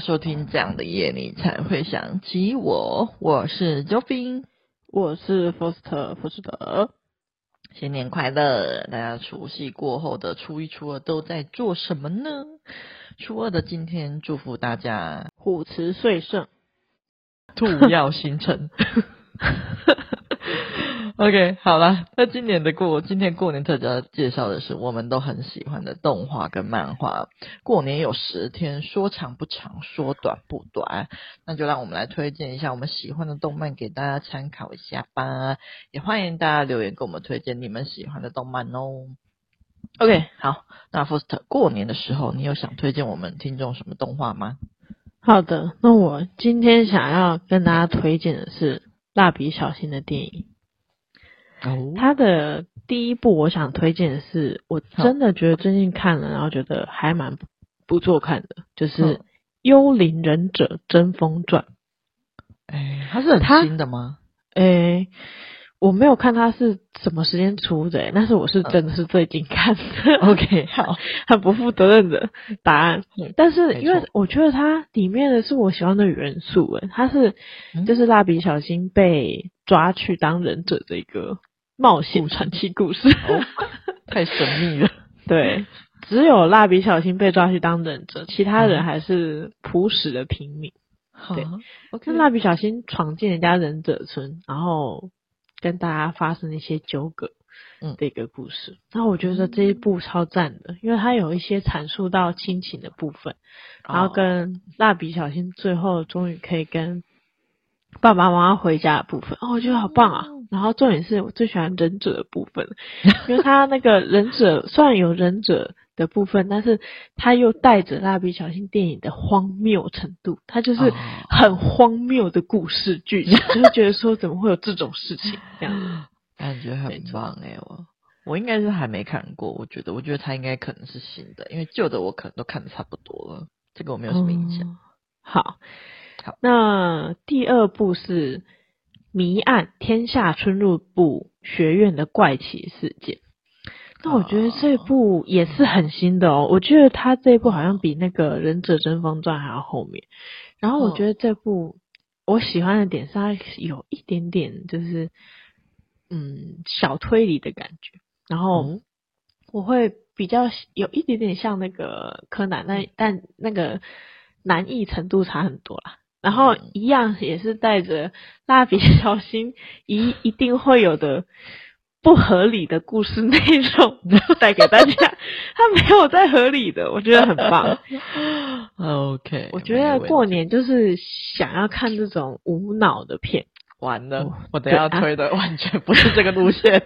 收聽這樣的夜，你才會想起我。我是 Jofie，我是 Faust, Faust。新年快樂！大家除夕過後的初一、初二都在做什麼呢？初二的今天，祝福大家虎辭歲盛，兔耀星辰。 OK，好啦，那今年的過今天過年，特別介紹的是我們都很喜歡的動畫跟漫畫。過年有十天，說長不長，說短不短，那就讓我們來推薦一下我們喜歡的動漫給大家參考一下吧。也歡迎大家留言給我們推薦你們喜歡的動漫哦。OK，好，那 Faust，過年的時候你有想推薦我們聽眾什麼動畫嗎？好的，那我今天想要跟大家推薦的是。蠟筆小新的電影，他、oh. 的第一部我想推薦的是，我真的覺得最近看了，然後覺得還蠻不錯看的，就是《幽靈忍者珍風傳》。哎、欸，它是很新的嗎？誒。欸我沒有看他是什麼時間出的，但是我是真的是最近看的。嗯、 OK，好，很不負責任的答案，但是因為我覺得它裡面的是我喜歡的元素，哎，它是就是蠟筆小新被抓去當忍者的一個冒險傳奇故事，故事，哦，太神秘了。 對，只有蠟筆小新被抓去當忍者、嗯，其他人還是樸實的平民。啊、對我看蠟筆小新闖進人家忍者村，然後。跟大家發生一些糾葛的一個故事、嗯，那我覺得這一部超讚的，因為它有一些闡述到親情的部分，哦、然後跟蠟筆小新最後終於可以跟爸爸媽媽回家的部分，哦，我覺得好棒啊、嗯！然後重點是我最喜歡忍者的部分， 因為他那個忍者算有忍者的部分，但是他又帶着《蠟筆小新》電影的荒謬程度，他就是很荒謬的故事劇情，Oh. 就是覺得說怎麼會有這種事情，這樣子 感覺很棒誒、欸、我我應該是還沒看過，我覺得我覺得他應該可能是新的，因為舊的我可能都看的差不多了，這個我沒有什麼印象。Um, 好，好，那第二部是迷《謎案天下春入部學院的怪奇事件》。那我覺得這一部也是很新的哦，嗯、我覺得他這一部好像比那個《忍者爭鋒傳》還要後面、嗯。然後我覺得這部我喜歡的點是它有一點點就是，嗯，小推理的感覺。然後我會比較有一點點像那個柯南，嗯、但但那個難易程度差很多啦。然後一樣也是帶着蠟筆小新一一定會有的。不合理的故事內容，然後帶給大家，他沒有在合理的， 我覺得很棒。OK，我覺得過年就是想要看這種無腦的片，完了我，我等下要推的完全不是這個路線，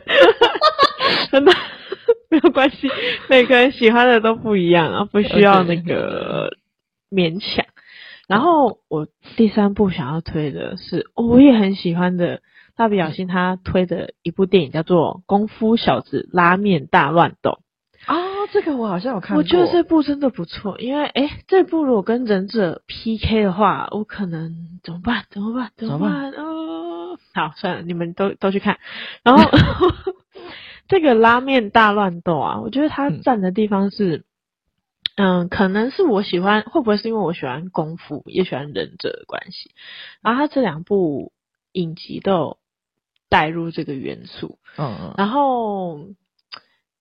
真 的 沒有關係，每個人喜歡的都不一樣啊，然後不需要那個勉強。Okay. 然後我第三部想要推的是，哦、我也很喜歡的。大筆小新他推的一部電影叫做《功夫小子拉面大亂鬥》啊、哦，這個我好像有看過。我覺得這部真的不錯，因為哎、欸，這部如果跟忍者 PK 的話，我可能怎麼,怎麼辦？怎麼辦？怎麼辦？哦，好，算了，你們都都去看。然後 這個《拉面大亂鬥》啊，我覺得他站的地方是嗯，嗯，可能是我喜歡，會不會是因為我喜歡功夫，也喜歡忍者的關係？然後他這兩部影集的。帶入這個元素，嗯嗯，然後，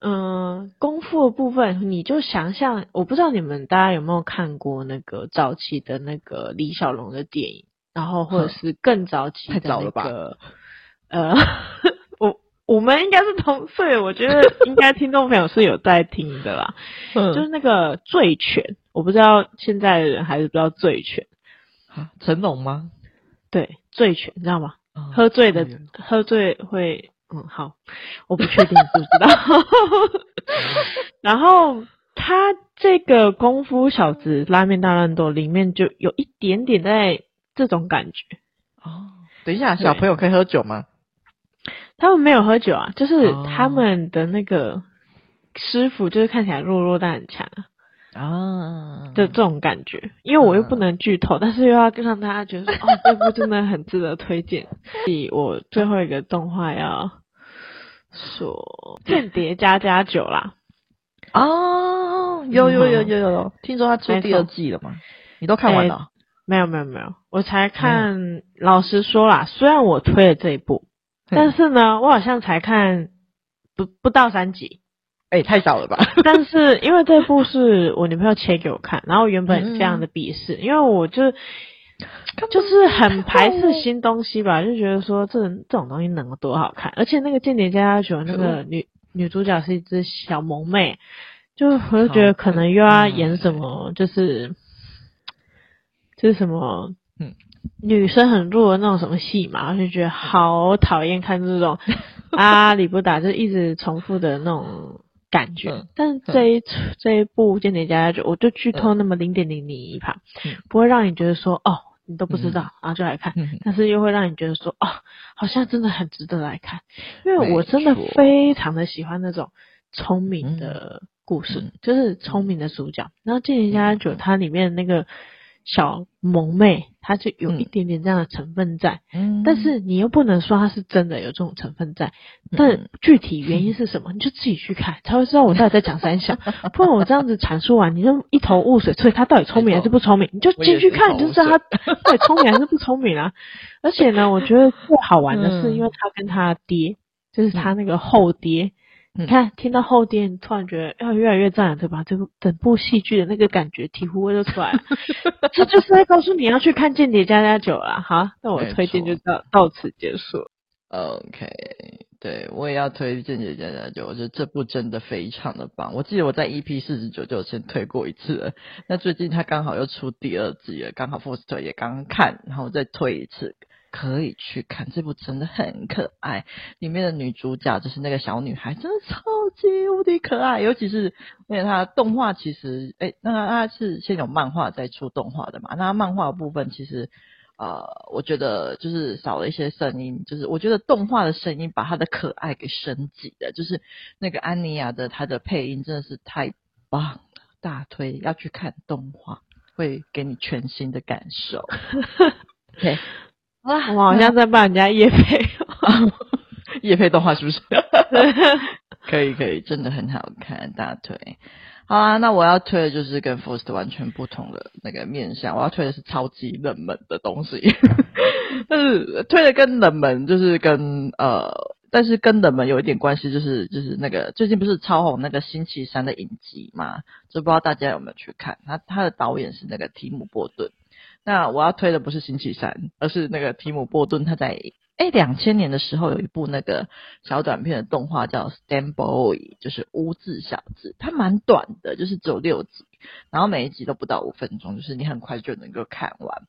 嗯、呃，功夫的部分你就想象，我不知道你們大家有沒有看過那個早期的那個李小龍的電影，然後或者是更早期的、那個、太早了吧。呃，我我們應該是同歲，我覺得應該聽眾朋友是有在聽的啦， 就是那個醉拳，我不知道現在的人還是不知道醉拳啊，成龍嗎？對，醉拳，你知道嗎？喝醉的，喝醉會嗯好，我不確定 是不是知道。 然後他這個功夫小子拉麵大亂鬥裡面就有一點點在這種感覺哦。等一下，小朋友可以喝酒嗎？ 他們沒有喝酒啊，就是他們的那個師傅就是看起來弱弱但很強。啊，就這種感覺，因為我又不能劇透，嗯，但是又要讓大家覺得說，哦，這部真的很值得推薦。所 以我最後一個動畫要說《間諜家家酒》啦。哦、啊，有有有有有、嗯，聽說他出第二季了嗎？你都看完了、欸？沒有沒有沒有，我才看、嗯。老實說啦，雖然我推了這一部，嗯、但是呢，我好像才看不不到三集。哎、欸，太少了吧！ 但是因為這部是我女朋友切給我看，然後原本這樣的鄙視，嗯、因為我就為我就、Come、就是很排斥新東西吧，就覺得說這這種東西能有多好看？而且那個《間諜家家酒》那個女、嗯、女主角是一只小萌妹，就我就覺得可能又要演什麼，就是、嗯、就是什麼，女生很弱的那種什麼戲嘛，我就覺得好討厭看這種阿里、嗯啊、不達就一直重複的那種。感覺、嗯，但這一、嗯、這一部《間諜家族》，我就劇透那麼零點零零一趴、嗯，不會讓你覺得說哦，你都不知道，嗯、然後就來看、嗯嗯，但是又會讓你覺得說哦，好像真的很值得來看，因為我真的非常的喜歡那種聰明的故事，嗯、就是聰明的主角，然後《間諜家族》它裡面那個。小萌妹，她就有一點點這樣的成分在、嗯，但是你又不能說她是真的有這種成分在，嗯、但具體原因是什麼、嗯，你就自己去看，才會知道我到底在講三小。 不然我這樣子闡述完、啊，你就一頭霧水，所以她到底聰明還是不聰明、哦，你就進去看，你就知道她到底聰明還是不聰明了、啊。 而且呢，我覺得最好玩的是，因為他跟他爹、嗯，就是他那個後爹。嗯嗯嗯、你看，聽到後殿，突然覺得，要越來越讚了，對吧？這個整部戲劇的那個感覺，醍醐味就出來了。 這就是在告訴你要去看《間諜家家酒》了。好，那我推薦就到到此結束。OK，對，我也要推薦《間諜家家酒》，我覺得這部真的非常的棒。我記得我在 EP 四十九就先推過一次了，那最近他剛好又出第二季了，剛好 Faust 也剛看，然後再推一次。可以去看這部，真的很可愛。裡面的女主角就是那個小女孩，真的超級無敵可愛。尤其是因為她的動畫，其實哎、欸，那她是先有漫畫再出動畫的嘛。那漫畫部分其實，呃，我覺得就是少了一些聲音，就是我覺得動畫的聲音把她的可愛給升級了。就是那個安妮亞的她的配音真的是太棒了，大推要去看動畫，會給你全新的感受。 okay. 哇，我好像在看人家業配，業配動畫 是不是？ 可以可以，真的很好看大腿。好啊，那我要推的就是跟 Faust 完全不同的那個面向，我要推的是超級冷門的東西。 但是推的跟冷門就是跟呃，但是跟冷門有一點關係，就是就是那個最近不是超紅那個星期三的影集嘛？就不知道大家有沒有去看？他他的導演是那個提姆波頓。那我要推的不是星期三，而是那個提姆波頓他在誒兩千年的時候有一部那個小短片的動畫叫《Stainboy》，就是污漬小子，它蠻短的，就是只有六集，然後每一集都不到五分鐘，就是你很快就能夠看完。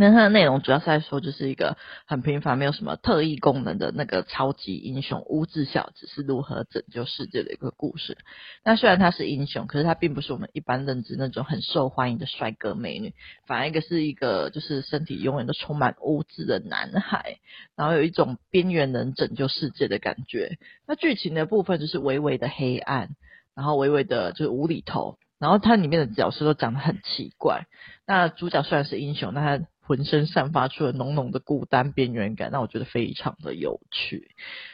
那它的內容主要是在說，就是一個很平凡、沒有什麼特異功能的那個超級英雄污漬小子是如何拯救世界的一個故事。那雖然他是英雄，可是他並不是我們一般認知那種很受歡迎的帥哥美女，反而一個是一個就是身體永遠都充滿污漬的男孩，然後有一種邊緣能拯救世界的感覺。那劇情的部分就是微微的黑暗，然後微微的就是無厘頭，然後它裡面的角色都長得很奇怪。那主角雖然是英雄，但他渾身散發出了濃濃的孤單邊緣感，那我覺得非常的有趣。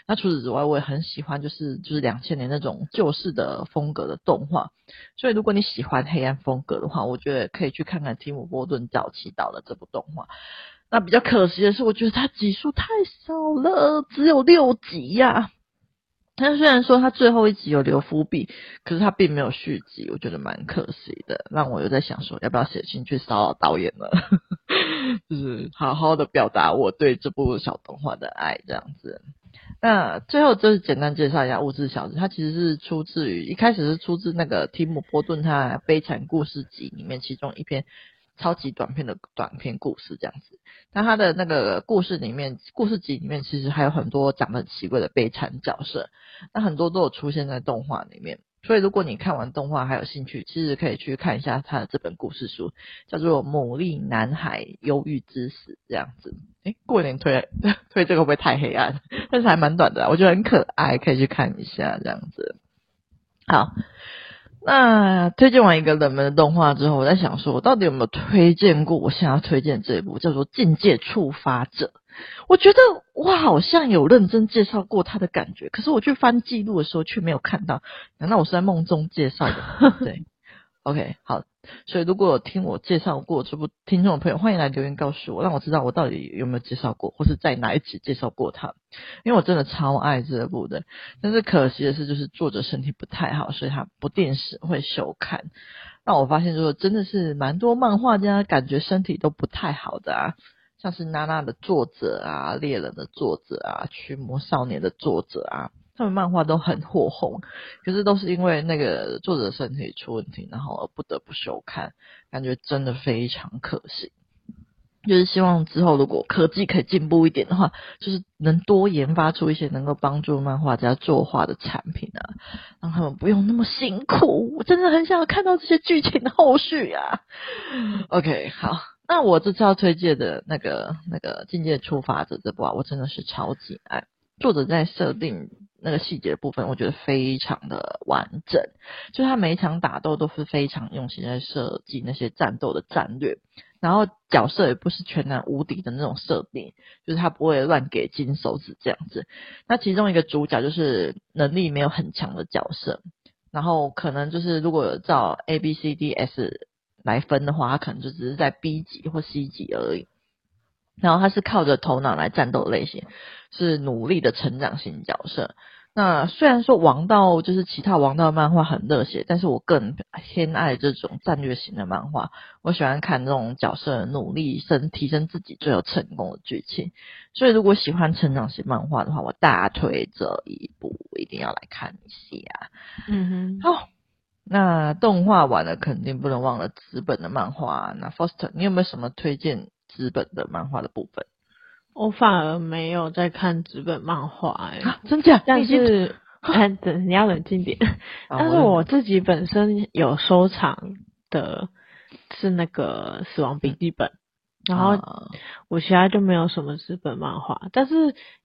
那除此之外，我也很喜歡、就是，就是就是兩千年那種舊式的風格的動畫。所以，如果你喜歡黑暗風格的話，我覺得可以去看看提姆·波頓早期導的這部動畫。那比較可惜的是，我覺得它集數太少了，只有六集呀、啊。他雖然說他最後一集有留伏筆，可是他並沒有續集，我覺得蠻可惜的。讓我又在想說，要不要寫信去騷擾導演了， 就是好好的表達我對這部小動畫的愛這樣子。那最後就是簡單介紹一下《物質小子》，它其實是出自於一開始是出自那個提姆波頓他《悲慘故事集》裡面其中一篇。超級短片的短片故事這樣子，那他的那個故事裡面，故事集裡面其實還有很多長得很奇怪的悲慘角色，那很多都有出現在動畫裡面。所以如果你看完動畫還有興趣，其實可以去看一下他的這本故事書，叫做《牡蠣男孩憂鬱之死》這樣子。哎、欸，過年推推這個會不會太黑暗？但是還蠻短的啦，我覺得很可愛，可以去看一下這樣子。好。那推薦完一個冷門的動畫之後，我在想說，我到底有沒有推薦過，我想要推薦這一部叫做《境界觸發者》？我覺得我好像有認真介紹過它的感覺，可是我去翻記錄的時候卻沒有看到。難道我是在夢中介紹的？對。 OK，好。所以如果有聽我介紹過這部聽眾的朋友，歡迎來留言告訴我，讓我知道我到底有沒有介紹過，或是在哪一集介紹過他。因為我真的超愛這部的，但是可惜的是，就是作者身體不太好，所以他不定時會休刊。那我發現，如果真的是蠻多漫畫家，感覺身體都不太好的啊，像是娜娜的作者啊、獵人的作者啊、驅魔少年的作者啊。他們漫畫都很火紅，可是都是因為那個作者身體出問題，然後而不得不休刊。感覺真的非常可惜。就是希望之後如果科技可以進步一點的話，就是能多研發出一些能夠幫助漫畫家作畫的產品啊，讓他們不用那麼辛苦。我真的很想要看到這些劇情的後續啊。OK，好，那我這次要推薦的那個那個《境界觸發者》這部啊，我真的是超級愛。作者在設定。那個細節的部分，我覺得非常的完整。就是他每一場打鬥都是非常用心在設計那些戰鬥的戰略，然後角色也不是全然無敵的那種設定，就是他不會亂給金手指這樣子。那其中一個主角就是能力沒有很強的角色，然後可能就是如果有照 A B C D S 來分的話，他可能就只是在 B 級或 C 級而已。然後他是靠着頭腦來戰鬥類型，是努力的成長型角色。那雖然說王道就是其他王道的漫畫很熱血，但是我更偏愛這種戰略型的漫畫。我喜歡看這種角色的努力升提升自己最後成功的劇情。所以如果喜歡成長型漫畫的話，我大推這一部，一定要來看一下，啊。嗯哼，好，那動畫完了，肯定不能忘了紙本的漫畫。那 Faust，你有沒有什麼推薦紙本的漫畫的部分？我反而沒有在看紙本漫畫。欸，哎，啊，真的假的？但是，子你， 你要冷靜點。但是我自己本身有收藏的，是那個《死亡筆記本》。然後我其他就沒有什麼日本漫畫，但是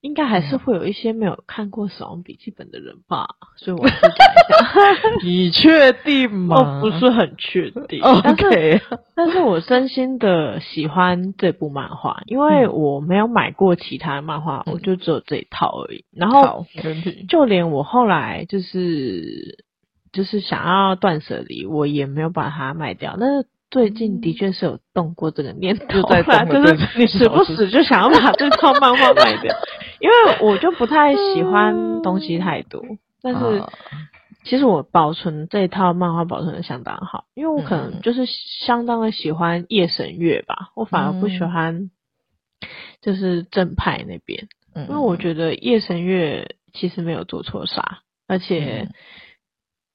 應該還是會有一些沒有看過《死亡筆記》本的人吧，所以我是。 你確定嗎？哦，不是很確定，okay。但是但是我真心的喜歡這部漫畫，因為我沒有買過其他漫畫，嗯、我就只有這一套而已。然後就連我後來就是就是想要斷舍離，我也沒有把它賣掉。那最近的確是有動過這個念頭， 就是你時不時就想要把這套漫畫賣掉，因為我就不太喜歡東西太多。但是其實我保存這套漫畫保存的相當好，因為我可能就是相當的喜歡夜神月吧，我反而不喜歡就是正派那邊，因為我覺得夜神月其實沒有做錯啥，而且。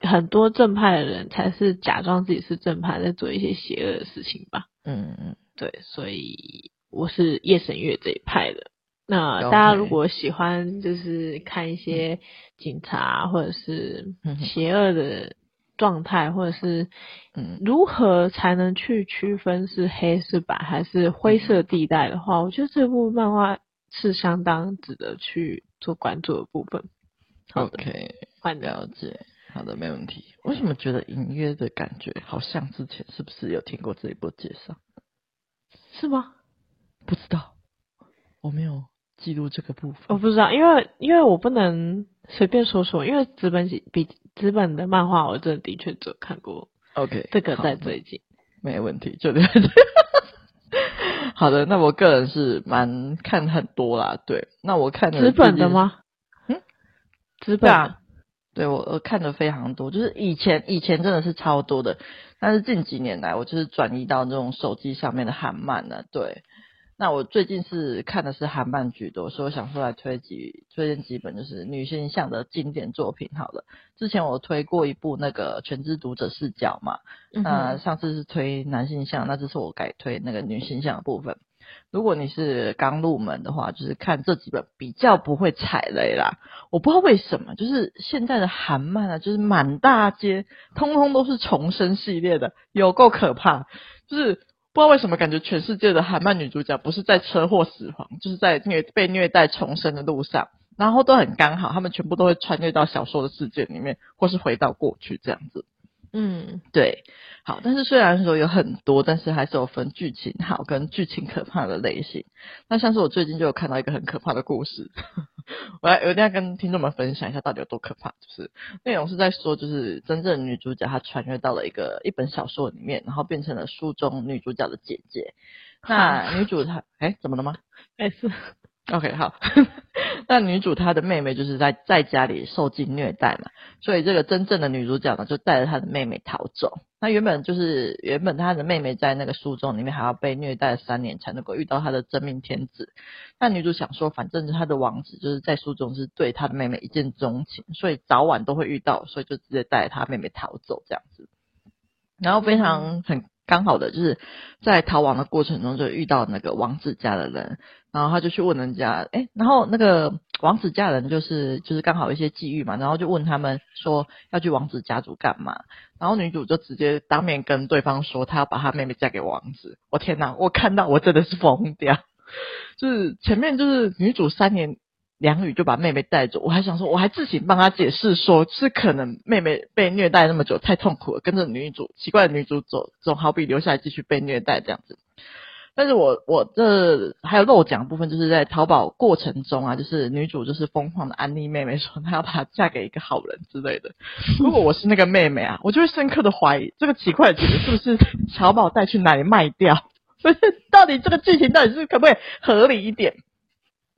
很多正派的人才是假裝自己是正派，在做一些邪惡的事情吧嗯。嗯對，所以我是夜神月這一派的。那大家如果喜歡就是看一些警察或者是邪惡的狀態，或者是嗯，如何才能去區分是黑是白還是灰色地帶的話，嗯，我覺得這部漫畫是相當值得去做關注的部分。好的，換，okay, 掉，了解。好的，沒問題。為什麼覺得隱約的感覺好像之前是不是有聽過這一波介紹？是嗎？不知道，我沒有記錄這個部分。我不知道，因為因為我不能隨便說說，因為紙本比紙本的漫畫，我真的的確只有看過。OK，這個在最近。沒問題，就對。 好的，那我個人是蠻看很多啦。對，那我看紙本的嗎？嗯，紙本。對，我看的非常多，就是以前以前真的是超多的，但是近幾年來我就是轉移到那種手機上面的韓漫了。對，那我最近是看的是韓漫居多，所以我想出來推薦最近幾本就是女性向的經典作品。好了，之前我推過一部那個全知讀者視角嘛，嗯，那上次是推男性向，那這次我改推那個女性向的部分。如果你是剛入門的話，就是看這幾本比較不會踩雷啦。我不知道為什麼，就是現在的韓漫啊，就是滿大街通通都是重生系列的，有夠可怕。就是不知道為什麼，感覺全世界的韓漫女主角不是在車禍死亡，就是在虐被虐待重生的路上，然後都很剛好，她們全部都會穿越到小說的世界裡面，或是回到過去這樣子。嗯，對，好，但是雖然說有很多，但是還是有分劇情好跟劇情可怕的類型。那像是我最近就有看到一個很可怕的故事， 我要，我一定要跟聽眾們分享一下到底有多可怕，就是內容是在說，就是真正女主角她穿越到了一個一本小說裡面，然後變成了書中女主角的姐姐。那 Hi, 女主她，哎、欸，怎麼了嗎？沒事。OK，好。 那女主她的妹妹就是在在家裡受盡虐待嘛，所以這個真正的女主角呢，就帶着她的妹妹逃走。那原本就是原本她的妹妹在那個書中裡面還要被虐待了三年才能夠遇到她的真命天子。那女主想說，反正她的王子就是在書中是對她的妹妹一見鍾情，所以早晚都會遇到，所以就直接帶她妹妹逃走這樣子，然後非常很。剛好的就是在逃亡的過程中，就遇到那個王子家的人，然後他就去問人家，哎，然後那個王子家人就是就是剛好一些際遇嘛，然後就問他們說要去王子家族幹嘛，然後女主就直接當面跟對方說她要把她妹妹嫁給王子，我、oh, 天哪，我看到我真的是瘋掉， 就是前面就是女主三年。兩語就把妹妹帶走，我還想說，我還自行幫她解釋，說是可能妹妹被虐待那麼久，太痛苦了，跟着女主奇怪的女主走，總好比留下來繼續被虐待這樣子。但是我我這還有漏講部分，就是在淘寶過程中啊，就是女主就是瘋狂的安利妹妹說她要把她嫁給一個好人之類的。如果我是那個妹妹啊， 我就會深刻的懷疑這個奇怪的女主是不是淘寶帶去哪裡賣掉？所以到底這個劇情到底是可不可以合理一點？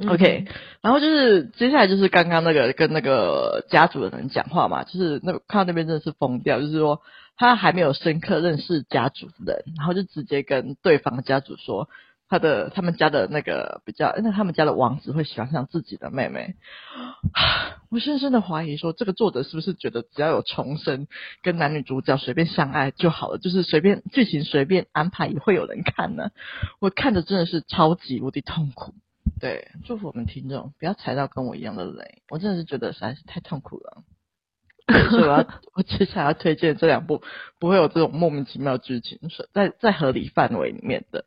OK，、嗯、然後就是接下來就是剛剛那個跟那個家族的人講話嘛，就是那個看到那邊真的是瘋掉，就是說他還沒有深刻認識家族的人，然後就直接跟對方的家族說他的他們家的那個比較，那他們家的王子會喜歡上自己的妹妹。我深深的懷疑說，這個作者是不是覺得只要有重生，跟男女主角隨便相愛就好了，就是隨便劇情隨便安排也會有人看呢？我看着真的是超級無敵痛苦。對，祝福我們聽眾不要踩到跟我一樣的雷。我真的是覺得實在是太痛苦了。 所以我要，我接下來要推薦這兩部，不會有這種莫名其妙的劇情，是在在合理範圍裡面的。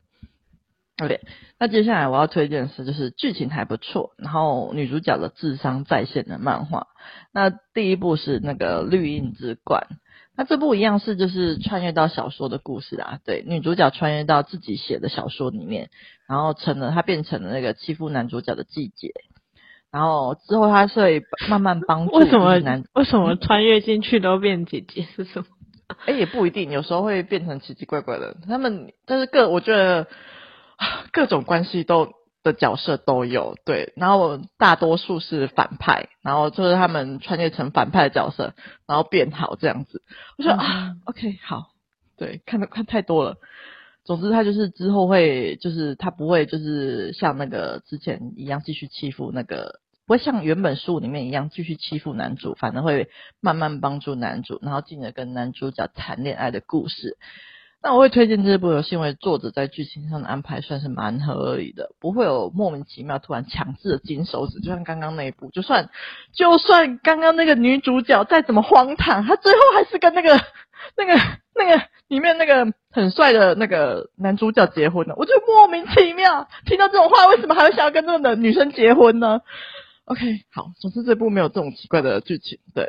OK，那接下來我要推薦的是，就是劇情還不錯，然後女主角的智商在線的漫畫。那第一部是那個《綠印之冠》嗯。那這部一樣是就是穿越到小說的故事啊，對，女主角穿越到自己寫的小說裡面，然後成了她變成了那個欺負男主角的姐姐。然後之後她是會慢慢幫助男。為什麼？為什麼穿越進去都變姐姐？是什麼？哎、嗯欸，也不一定，有時候會變成奇奇怪怪的。他們，但是各我覺得，各種關係都。的角色都有，對，然後大多數是反派，然後就是他們穿越成反派的角色，然後變好這樣子，我說、嗯、啊，OK 好，對，看的看太多了，總之他就是之後會就是他不會就是像那個之前一樣繼續欺負那個，不會像原本書裡面一樣繼續欺負男主，反而會慢慢幫助男主，然後進而跟男主角談戀愛的故事。那我會推薦這部，戲，因為作者在劇情上的安排算是蠻合理的，不會有莫名其妙突然強制的金手指，就像剛剛那一部，就算就算剛剛那個女主角再怎麼荒唐，她最後還是跟那個那個那個、那個、裡面那個很帥的那個男主角結婚了，我就莫名其妙聽到這種話，為什麼還會想要跟這種女生結婚呢？OK，好，總之這部沒有這種奇怪的劇情，對。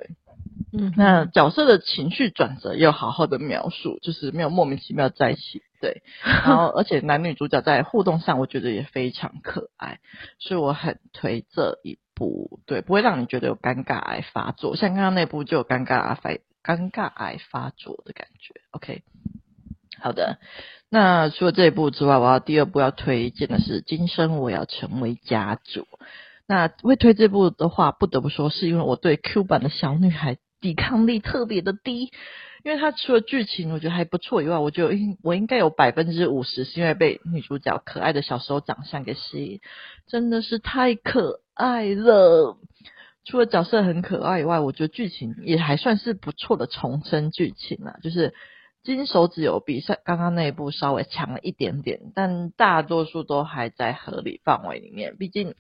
嗯，那角色的情緒轉折又好好的描述，就是沒有莫名其妙在一起，對。然後而且男女主角在互動上，我覺得也非常可愛，所以我很推這一部，對，不會讓你覺得有尷尬癌發作，像剛剛那一部就有尷尬癌、尷尬癌發作的感覺。OK，好的，那除了這一部之外，我要第二部要推薦的是《今生我要成為家主》。那為推這部的話，不得不說是因為我對 Q 版的小女孩，抵抗力特別的低，因為他除了劇情我覺得還不錯以外，我覺得我應該有百分之五十是因為被女主角可愛的小時候長相給吸引，真的是太可愛了。除了角色很可愛以外，我覺得劇情也還算是不錯的重生劇情了啊。就是金手指有比上剛剛那一部稍微強了一點點，但大多數都還在合理範圍裡面。畢竟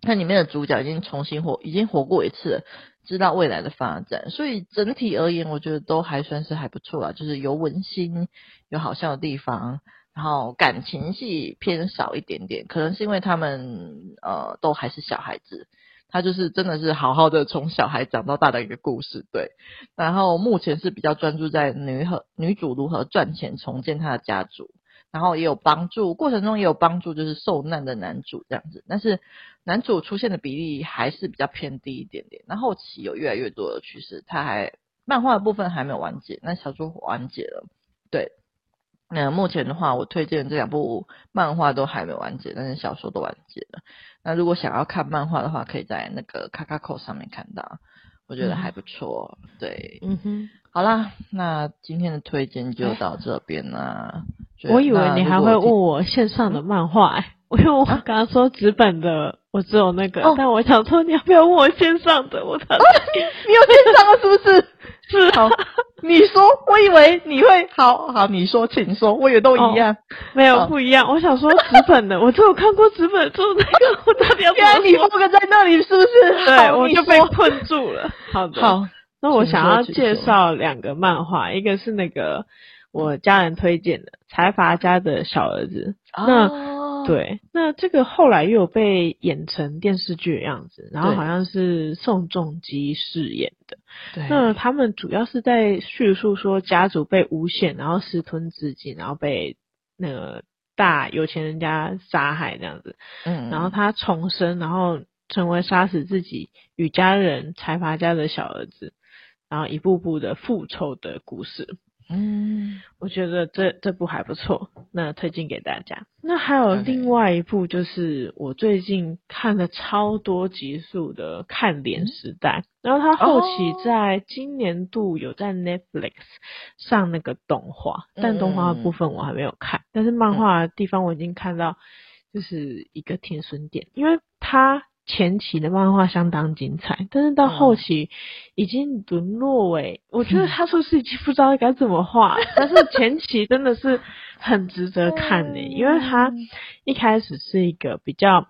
它裡面的主角已經重新活，已經活過一次了。知道未來的發展，所以整體而言，我覺得都還算是還不錯啦。就是有溫馨，有好笑的地方，然後感情戲偏少一點點，可能是因為他們呃都還是小孩子，他就是真的是好好的從小孩長到大的一個故事，對。然後目前是比較專注在女和女主如何賺錢重建她的家族。然後也有幫助，過程中也有幫助，就是受難的男主這樣子，但是男主出現的比例還是比較偏低一點點。那後期有越來越多的趨勢，他還漫畫的部分還沒有完結，那小說完結了。對，那、呃、目前的話，我推薦這兩部漫畫都還沒完結，但是小說都完結了。那如果想要看漫畫的話，可以在那個卡卡扣上面看到，我覺得還不錯。嗯、對，嗯哼。好啦，那今天的推薦就到這邊啦。我以為你還會問我線上的漫畫哎、欸嗯，因為我剛剛說紙本的，我只有那個。哦、但我想說，你要不要問我線上的？我的、啊，你有線上的是不是？ 是、啊、好你說。我以為你會 好好，你說，請說。我以為都一樣，哦、沒有、哦、不一樣。我想說紙本的，我只有看過紙本做 那個。 我特別，不你不個在那裡是不是？對，我就被困住了。好的。好那我想要介紹兩個漫畫，一個是那個我家人推薦的《財閥家的小兒子》嗯、哦，那對，那這個後來又有被演成電視劇的樣子，然後好像是宋仲基飾演的。對。那他們主要是在敘述說，家族被誣陷，然後私吞資金，然後被那個大有錢人家殺害這樣子。嗯,嗯。然後他重生，然後成為殺死自己與家人財閥家的小兒子。然後一步步的復仇的故事，嗯，我覺得這這部還不錯，那推薦給大家。那還有另外一部就是我最近看了超多集數的《看臉時代》嗯，然後它後期在今年度有在 Netflix 上那個動畫，嗯，但動畫部分我還沒有看，但是漫畫的地方我已經看到就是一個天順點，因為它。前期的漫畫相當精彩，但是到後期已經淪落為、欸嗯，我覺得他說是，是已經不知道該怎麼畫、嗯。但是前期真的是很值得看的、欸嗯，因為他一開始是一個比較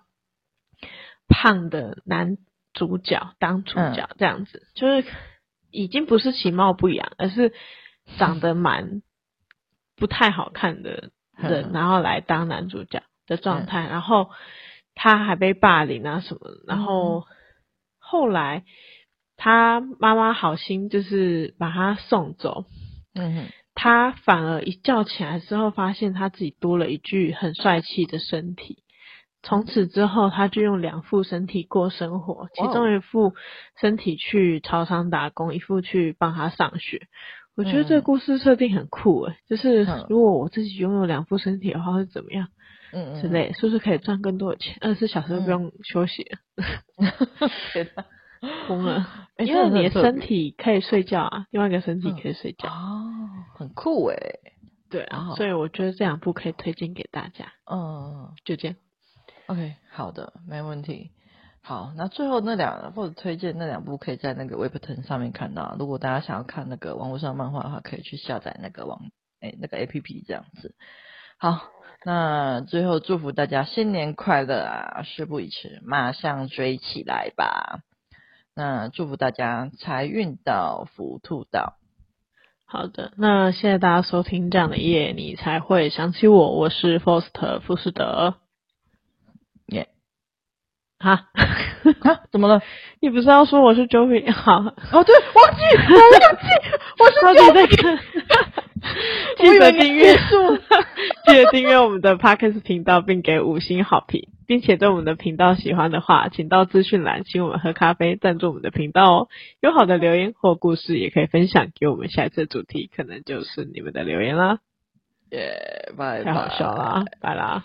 胖的男主角當主角這樣子、嗯，就是已經不是其貌不揚，而是長得蠻不太好看的人、嗯，然後來當男主角的狀態、嗯，然後。他還被霸凌啊什麼的，然後後來他媽媽好心就是把他送走，嗯哼，他反而一覺起來之後，發現他自己多了一具很帥氣的身體，從、嗯、此之後他就用兩副身體過生活，其中一副身體去超商打工，一副去幫他上學。我覺得這個故事設定很酷誒、欸，就是如果我自己擁有兩副身體的話會怎麼樣？嗯，之類，是不是可以賺更多的錢？二、嗯呃、十四小時都不用休息，瘋、嗯、了 給他， 因為你的身體可以睡覺啊，欸、另外一個身體可以睡覺、嗯、哦，很酷誒。對，然、哦、後所以我覺得這兩部可以推薦給大家。嗯、哦，就這樣。OK，好的，沒問題。好，那最後那兩部推薦那兩部可以在那個 Webtoon 上面看到。如果大家想要看那個網絡上漫畫的話，可以去下載那個網哎、欸、那個 APP 這樣子。好。那最後祝福大家新年快樂啊！事不宜遲，馬上追起來吧！那祝福大家財運到，福兔到。好的，那謝謝大家收聽這樣的夜，你才會想起我。我是 Faust 富士德。耶、yeah.， 哈，怎麼了？你不是要說我是 Jofie 好？哦對，忘記，忘記， 我是 Jofie 記得訂閱， 記得訂閱我們的 Podcast 頻道，並給五星好評，並且對我們的頻道喜歡的話，請到資訊欄請我們喝咖啡贊助我們的頻道哦。有好的留言或故事，也可以分享給我們。下一次主題可能就是你們的留言啦。耶，拜，太好笑了，拜啦。Bye, bye. Bye 啦。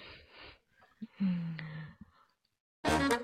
嗯